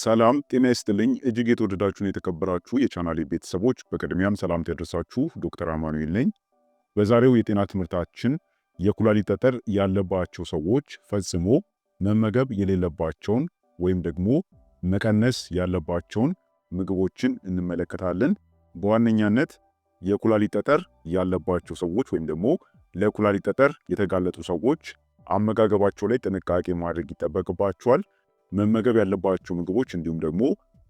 ሰላም ጤና ይስጥልኝ። እጅግ የተወደዳችሁን የተከበራችሁ የቻናሌ ቤተሰቦች በቅድሚያም ሰላም ያደረሳችሁ ዶክተር አማኑኤል ነኝ። በዛሬው የጤና ትምህርታችን የኩላሊት ጠጠር ያለባቸው ሰዎች ፈጽሞ መመገብ የሌለባቸውን ወይም ደግሞ መቀነስ ያለባቸውን ምግቦችን እንመለከታለን። በዋነኛነት የኩላሊት ጠጠር ያለባቸው ሰዎች ወይም ደግሞ ለኩላሊት ጠጠር የተጋለጡ ሰዎች አመጋገባቸው ላይ ጥንቃቄ ማድረግ ይጠበቅባቸዋል። መመገብ ያለባቸው ምግቦች እንዲሁም ደግሞ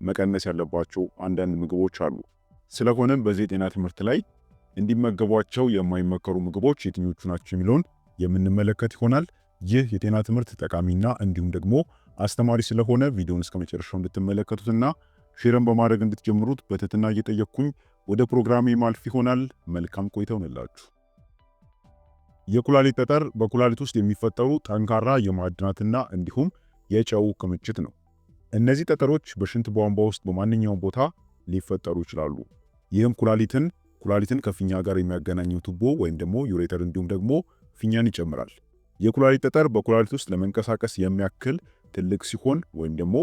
መቀነስ ያለባቸው አንዳንድ ምግቦች አሉ። ስለሆነም በዚህ የጤና ትምህርት ላይ እንዲመገቧቸው የማይመከሩ ምግቦች የትኞቹ ናቸው የሚለውን የምንመለከት ይሆናል። ይህ የጤና ትምህርት ጠቃሚና እንዲሁም ደግሞ አስተማሪ ስለሆነ ቪዲዮን እስከ መጨረሻው እንድትመለከቱትና ሼርን በማድረግ እንድትጀምሩት በትህትና እየጠየቅኩኝ ወደ ፕሮግራሜ ማልፍ ይሆናል። መልካም ቆይታ ይሆንላችሁ። የኩላሊት ጠጠር በኩላሊት ውስጥ የሚፈጠሩ ጠንካራ የማዕድናትና እንዲሁም የጨው ክምችት ነው። እነዚህ ጠጠሮች በሽንት ቧንቧ ውስጥ በማንኛውም ቦታ ሊፈጠሩ ይችላሉ። ይህም ኩላሊትን ኩላሊትን ከፊኛ ጋር የሚያገናኘው ቱቦ ወይም ደግሞ ዩሬተር እንዲሁም ደግሞ ፊኛን ይጨምራል። የኩላሊት ጠጠር በኩላሊት ውስጥ ለመንቀሳቀስ የሚያክል ትልቅ ሲሆን ወይም ደግሞ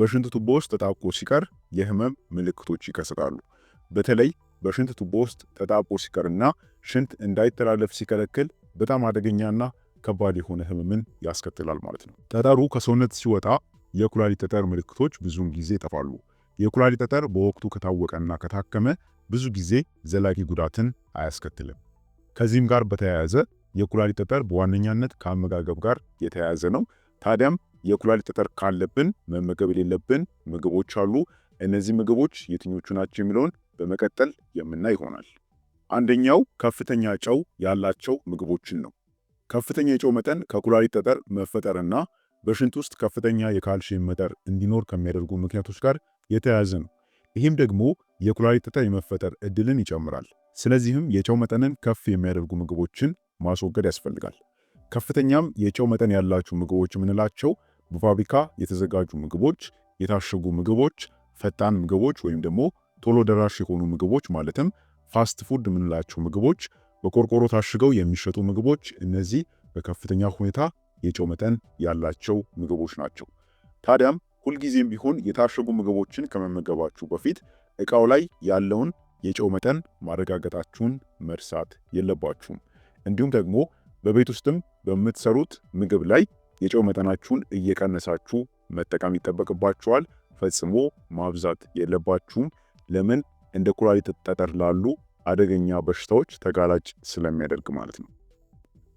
በሽንት ቱቦ ውስጥ ተጣብቆ ሲቀር የህመም ምልክቶች ይከሰታሉ። በተለይ በሽንት ቱቦ ውስጥ ተጣብቆ ሲቀርና ሽንት እንዳይተላለፍ ሲከለክል በጣም አደገኛና ከባድ የሆነ ህመምን ያስከትላል ማለት ነው። ጠጠሩ ከሰውነት ሲወጣ የኩላሊት ጠጠር ምልክቶች ብዙውን ጊዜ ይጠፋሉ። የኩላሊት ጠጠር በወቅቱ ከታወቀና ከታከመ ብዙ ጊዜ ዘላቂ ጉዳትን አያስከትልም። ከዚህም ጋር በተያያዘ የኩላሊት ጠጠር በዋነኛነት ከአመጋገብ ጋር የተያያዘ ነው። ታዲያም የኩላሊት ጠጠር ካለብን መመገብ የሌለብን ምግቦች አሉ። እነዚህ ምግቦች የትኞቹ ናቸው የሚለውን በመቀጠል የምናይ ይሆናል። አንደኛው ከፍተኛ ጨው ያላቸው ምግቦችን ነው። ከፍተኛ የጨው መጠን ከኩላሊት ጠጠር መፈጠርና በሽንት ውስጥ ከፍተኛ የካልሽየም መጠን እንዲኖር ከሚያደርጉ ምክንያቶች ጋር የተያያዘ ነው። ይህም ደግሞ የኩላሊት ጠጠር የመፈጠር እድልን ይጨምራል። ስለዚህም የጨው መጠንን ከፍ የሚያደርጉ ምግቦችን ማስወገድ ያስፈልጋል። ከፍተኛም የጨው መጠን ያላቸው ምግቦች የምንላቸው በፋብሪካ የተዘጋጁ ምግቦች፣ የታሸጉ ምግቦች፣ ፈጣን ምግቦች ወይም ደግሞ ቶሎ ደራሽ የሆኑ ምግቦች ማለትም ፋስት ፉድ የምንላቸው ምግቦች በቆርቆሮ ታሽገው የሚሸጡ ምግቦች እነዚህ በከፍተኛ ሁኔታ የጨው መጠን ያላቸው ምግቦች ናቸው። ታዲያም ሁልጊዜም ቢሆን የታሸጉ ምግቦችን ከመመገባችሁ በፊት እቃው ላይ ያለውን የጨው መጠን ማረጋገጣችሁን መርሳት የለባችሁም። እንዲሁም ደግሞ በቤት ውስጥም በምትሰሩት ምግብ ላይ የጨው መጠናችሁን እየቀነሳችሁ መጠቀም ይጠበቅባችኋል። ፈጽሞ ማብዛት የለባችሁም። ለምን እንደ ኩላሊት ጠጠር ላሉ አደገኛ በሽታዎች ተጋላጭ ስለሚያደርግ ማለት ነው።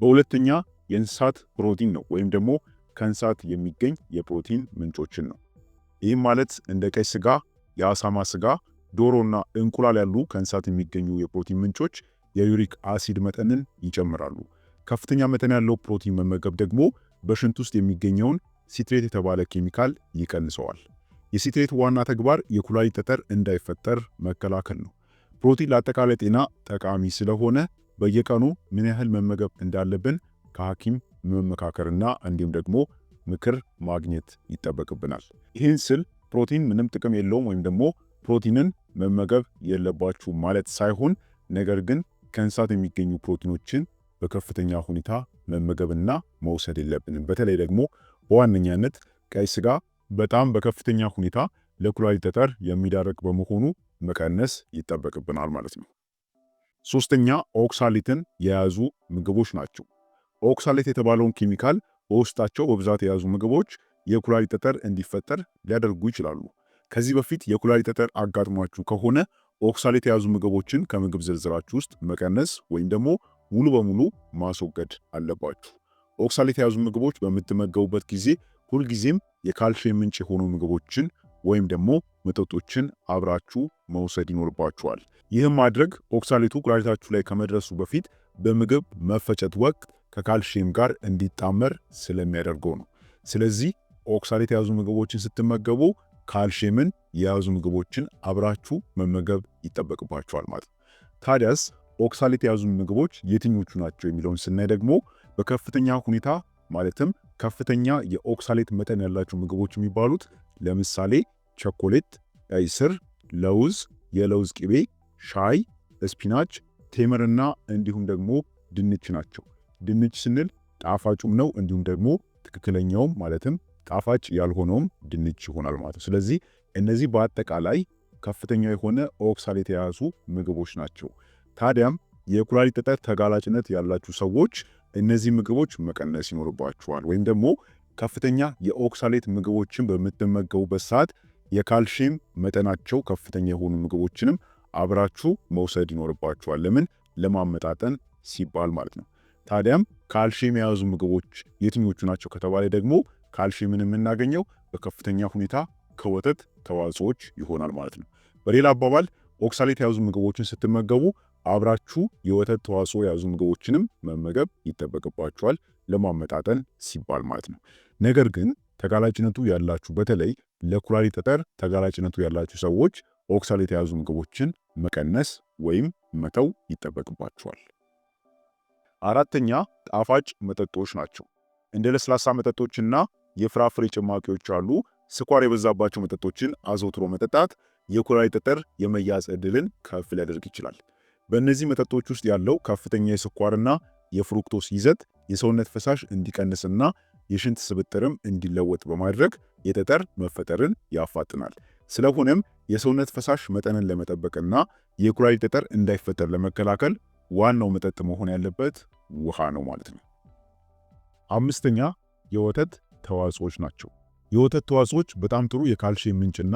በሁለተኛ የእንስሳት ፕሮቲን ነው ወይም ደግሞ ከእንስሳት የሚገኝ የፕሮቲን ምንጮችን ነው። ይህም ማለት እንደ ቀይ ስጋ፣ የአሳማ ስጋ፣ ዶሮና እንቁላል ያሉ ከእንስሳት የሚገኙ የፕሮቲን ምንጮች የዩሪክ አሲድ መጠንን ይጨምራሉ። ከፍተኛ መጠን ያለው ፕሮቲን መመገብ ደግሞ በሽንት ውስጥ የሚገኘውን ሲትሬት የተባለ ኬሚካል ይቀንሰዋል። የሲትሬት ዋና ተግባር የኩላሊት ጠጠር እንዳይፈጠር መከላከል ነው። ፕሮቲን ለአጠቃላይ ጤና ጠቃሚ ስለሆነ በየቀኑ ምን ያህል መመገብ እንዳለብን ከሐኪም መመካከርና እንዲሁም ደግሞ ምክር ማግኘት ይጠበቅብናል። ይህን ስል ፕሮቲን ምንም ጥቅም የለውም ወይም ደግሞ ፕሮቲንን መመገብ የለባችሁ ማለት ሳይሆን፣ ነገር ግን ከእንስሳት የሚገኙ ፕሮቲኖችን በከፍተኛ ሁኔታ መመገብና መውሰድ የለብንም። በተለይ ደግሞ በዋነኛነት ቀይ ስጋ በጣም በከፍተኛ ሁኔታ ለኩላሊት ጠጠር የሚዳረግ በመሆኑ መቀነስ ይጠበቅብናል ማለት ነው። ሶስተኛ ኦክሳሊትን የያዙ ምግቦች ናቸው። ኦክሳሊት የተባለውን ኬሚካል በውስጣቸው በብዛት የያዙ ምግቦች የኩላሊት ጠጠር እንዲፈጠር ሊያደርጉ ይችላሉ። ከዚህ በፊት የኩላሊት ጠጠር አጋጥሟችሁ ከሆነ ኦክሳሊት የያዙ ምግቦችን ከምግብ ዝርዝራችሁ ውስጥ መቀነስ ወይም ደግሞ ሙሉ በሙሉ ማስወገድ አለባችሁ። ኦክሳሌት የያዙ ምግቦች በምትመገቡበት ጊዜ ሁልጊዜም የካልሽየም ምንጭ የሆኑ ምግቦችን ወይም ደግሞ መጠጦችን አብራችሁ መውሰድ ይኖርባችኋል። ይህም ማድረግ ኦክሳሌቱ ኩላሊታችሁ ላይ ከመድረሱ በፊት በምግብ መፈጨት ወቅት ከካልሽየም ጋር እንዲጣመር ስለሚያደርገው ነው። ስለዚህ ኦክሳሌት የያዙ ምግቦችን ስትመገቡ ካልሽየምን የያዙ ምግቦችን አብራችሁ መመገብ ይጠበቅባችኋል ማለት ነው። ታዲያስ ኦክሳሌት የያዙ ምግቦች የትኞቹ ናቸው የሚለውን ስናይ ደግሞ በከፍተኛ ሁኔታ ማለትም ከፍተኛ የኦክሳሌት መጠን ያላቸው ምግቦች የሚባሉት ለምሳሌ ቸኮሌት፣ ቀይ ስር፣ ለውዝ፣ የለውዝ ቅቤ፣ ሻይ፣ ስፒናች፣ ቴምርና እንዲሁም ደግሞ ድንች ናቸው። ድንች ስንል ጣፋጩም ነው እንዲሁም ደግሞ ትክክለኛውም ማለትም ጣፋጭ ያልሆነውም ድንች ይሆናል ማለት ነው። ስለዚህ እነዚህ በአጠቃላይ ከፍተኛ የሆነ ኦክሳሌት የያዙ ምግቦች ናቸው። ታዲያም የኩላሊት ጠጠር ተጋላጭነት ያላችሁ ሰዎች እነዚህ ምግቦች መቀነስ ይኖርባችኋል። ወይም ደግሞ ከፍተኛ የኦክሳሌት ምግቦችን በምትመገቡበት ሰዓት የካልሽየም መጠናቸው ከፍተኛ የሆኑ ምግቦችንም አብራችሁ መውሰድ ይኖርባችኋል። ለምን ለማመጣጠን ሲባል ማለት ነው። ታዲያም ካልሽየም የያዙ ምግቦች የትኞቹ ናቸው ከተባለ ደግሞ ካልሽየምን የምናገኘው በከፍተኛ ሁኔታ ከወተት ተዋጽኦች ይሆናል ማለት ነው። በሌላ አባባል ኦክሳሌት የያዙ ምግቦችን ስትመገቡ አብራችሁ የወተት ተዋጽኦ የያዙ ምግቦችንም መመገብ ይጠበቅባችኋል ለማመጣጠን ሲባል ማለት ነው። ነገር ግን ተጋላጭነቱ ያላችሁ በተለይ ለኩላሊት ጠጠር ተጋላጭነቱ ያላችሁ ሰዎች ኦክሳል የተያዙ ምግቦችን መቀነስ ወይም መተው ይጠበቅባቸዋል። አራተኛ ጣፋጭ መጠጦች ናቸው። እንደ ለስላሳ መጠጦችና የፍራፍሬ ጭማቂዎች አሉ። ስኳር የበዛባቸው መጠጦችን አዘውትሮ መጠጣት የኩላሊት ጠጠር የመያዝ ዕድልን ከፍ ሊያደርግ ይችላል። በእነዚህ መጠጦች ውስጥ ያለው ከፍተኛ የስኳርና የፍሩክቶስ ይዘት የሰውነት ፈሳሽ እንዲቀንስና የሽንት ስብጥርም እንዲለወጥ በማድረግ የጠጠር መፈጠርን ያፋጥናል። ስለሆነም የሰውነት ፈሳሽ መጠንን ለመጠበቅና የኩላሊት ጠጠር እንዳይፈጠር ለመከላከል ዋናው መጠጥ መሆን ያለበት ውሃ ነው ማለት ነው። አምስተኛ የወተት ተዋጽኦች ናቸው። የወተት ተዋጽኦች በጣም ጥሩ የካልሽየም ምንጭና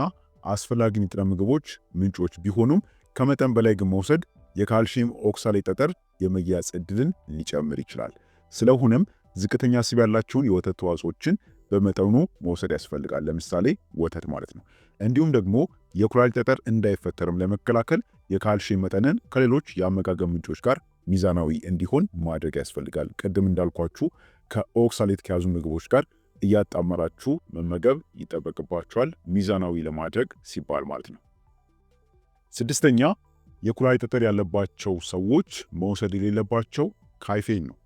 አስፈላጊ ንጥረ ምግቦች ምንጮች ቢሆኑም ከመጠን በላይ ግን መውሰድ የካልሽየም ኦክሳሌት ጠጠር የመያዝ ዕድልን ሊጨምር ይችላል። ስለሆነም ዝቅተኛ ስብ ያላቸውን የወተት ተዋጽኦችን በመጠኑ መውሰድ ያስፈልጋል። ለምሳሌ ወተት ማለት ነው። እንዲሁም ደግሞ የኩላሊት ጠጠር እንዳይፈጠርም ለመከላከል የካልሽ መጠንን ከሌሎች የአመጋገብ ምንጮች ጋር ሚዛናዊ እንዲሆን ማድረግ ያስፈልጋል። ቅድም እንዳልኳችሁ ከኦክሳሌት ከያዙ ምግቦች ጋር እያጣመራችሁ መመገብ ይጠበቅባችኋል፣ ሚዛናዊ ለማድረግ ሲባል ማለት ነው። ስድስተኛ የኩላሊት ጠጠር ያለባቸው ሰዎች መውሰድ የሌለባቸው ካይፌን ነው።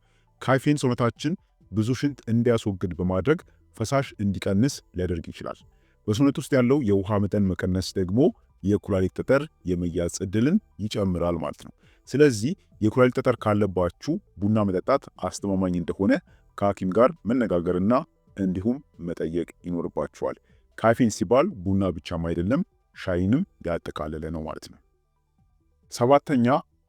ካይፌን ሰውነታችን ብዙ ሽንት እንዲያስወግድ በማድረግ ፈሳሽ እንዲቀንስ ሊያደርግ ይችላል። በሰውነት ውስጥ ያለው የውሃ መጠን መቀነስ ደግሞ የኩላሊት ጠጠር የመያዝ ዕድልን ይጨምራል ማለት ነው። ስለዚህ የኩላሊት ጠጠር ካለባችሁ ቡና መጠጣት አስተማማኝ እንደሆነ ከሐኪም ጋር መነጋገርና እንዲሁም መጠየቅ ይኖርባችኋል። ካይፌን ሲባል ቡና ብቻም አይደለም፣ ሻይንም ያጠቃለለ ነው ማለት ነው። ሰባተኛ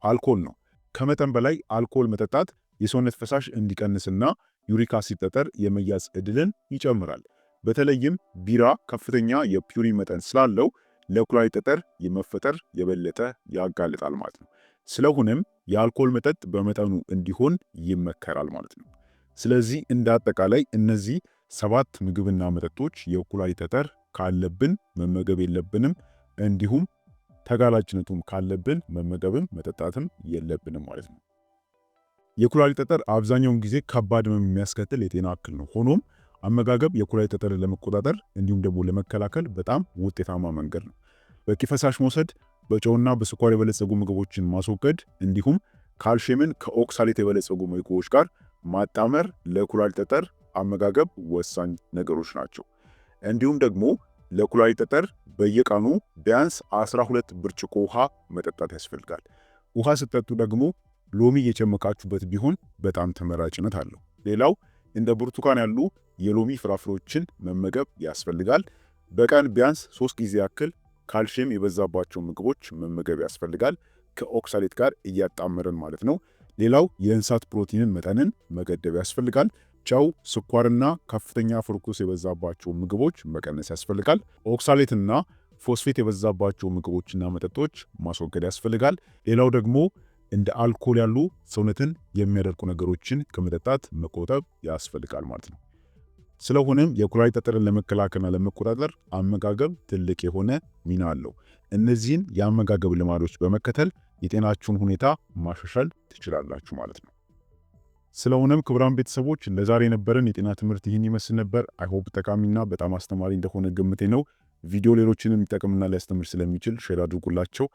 አልኮል ነው። ከመጠን በላይ አልኮል መጠጣት የሰውነት ፈሳሽ እንዲቀንስና ዩሪክ አሲድ ጠጠር የመያዝ እድልን ይጨምራል። በተለይም ቢራ ከፍተኛ የፒዩሪን መጠን ስላለው ለኩላሊት ጠጠር የመፈጠር የበለጠ ያጋልጣል ማለት ነው። ስለሆነም የአልኮል መጠጥ በመጠኑ እንዲሆን ይመከራል ማለት ነው። ስለዚህ እንደ አጠቃላይ እነዚህ ሰባት ምግብና መጠጦች የኩላሊት ጠጠር ካለብን መመገብ የለብንም፣ እንዲሁም ተጋላጭነቱም ካለብን መመገብም መጠጣትም የለብንም ማለት ነው። የኩላሊት ጠጠር አብዛኛውን ጊዜ ከባድ ህመም የሚያስከትል የጤና እክል ነው። ሆኖም አመጋገብ የኩላሊት ጠጠር ለመቆጣጠር እንዲሁም ደግሞ ለመከላከል በጣም ውጤታማ መንገድ ነው። በቂ ፈሳሽ መውሰድ፣ በጨውና በስኳር የበለጸጉ ምግቦችን ማስወገድ እንዲሁም ካልሽየምን ከኦክሳሌት የበለጸጉ ምግቦች ጋር ማጣመር ለኩላሊት ጠጠር አመጋገብ ወሳኝ ነገሮች ናቸው። እንዲሁም ደግሞ ለኩላሊት ጠጠር በየቀኑ ቢያንስ 12 ብርጭቆ ውሃ መጠጣት ያስፈልጋል። ውሃ ስጠጡ ደግሞ ሎሚ እየጨመቃችሁበት ቢሆን በጣም ተመራጭነት አለው። ሌላው እንደ ብርቱካን ያሉ የሎሚ ፍራፍሬዎችን መመገብ ያስፈልጋል። በቀን ቢያንስ ሶስት ጊዜ ያክል ካልሽየም የበዛባቸው ምግቦች መመገብ ያስፈልጋል፣ ከኦክሳሌት ጋር እያጣመረን ማለት ነው። ሌላው የእንስሳት ፕሮቲንን መጠንን መገደብ ያስፈልጋል። ጨው፣ ስኳርና ከፍተኛ ፍርኩስ የበዛባቸው ምግቦች መቀነስ ያስፈልጋል። ኦክሳሌትና ፎስፌት የበዛባቸው ምግቦችና መጠጦች ማስወገድ ያስፈልጋል። ሌላው ደግሞ እንደ አልኮል ያሉ ሰውነትን የሚያደርቁ ነገሮችን ከመጠጣት መቆጠብ ያስፈልጋል ማለት ነው። ስለሆነም የኩላሊት ጠጠርን ለመከላከልና ለመቆጣጠር አመጋገብ ትልቅ የሆነ ሚና አለው። እነዚህን የአመጋገብ ልማዶች በመከተል የጤናችሁን ሁኔታ ማሻሻል ትችላላችሁ ማለት ነው። ስለሆነም ክቡራን ቤተሰቦች ለዛሬ የነበረን የጤና ትምህርት ይህን ይመስል ነበር። አይሆፕ ጠቃሚና በጣም አስተማሪ እንደሆነ ግምቴ ነው። ቪዲዮ ሌሎችንም ሊጠቅምና ሊያስተምር ስለሚችል ሼር አድርጉላቸው።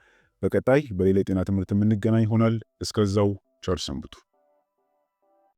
በቀጣይ በሌላ የጤና ትምህርት የምንገናኝ ይሆናል። እስከዛው ቸር ሰንብቱ።